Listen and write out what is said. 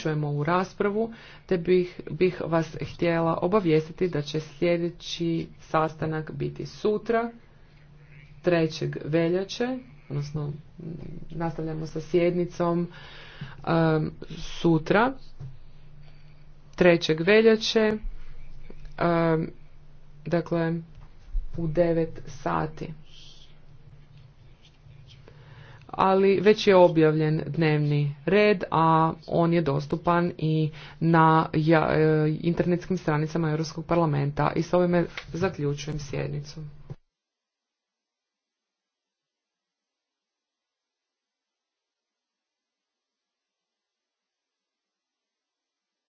čujemo u raspravu, te bih, bih vas htjela obavijestiti da će sljedeći sastanak biti sutra, 3. veljače, odnosno mm, nastavljamo sa sjednicom um, sutra, 3. veljače, um, dakle u 9 sati ali već je objavljen dnevni red, a on je dostupan i na e, internetskim stranicama Europskog parlamenta. I s ovime zaključujem sjednicu.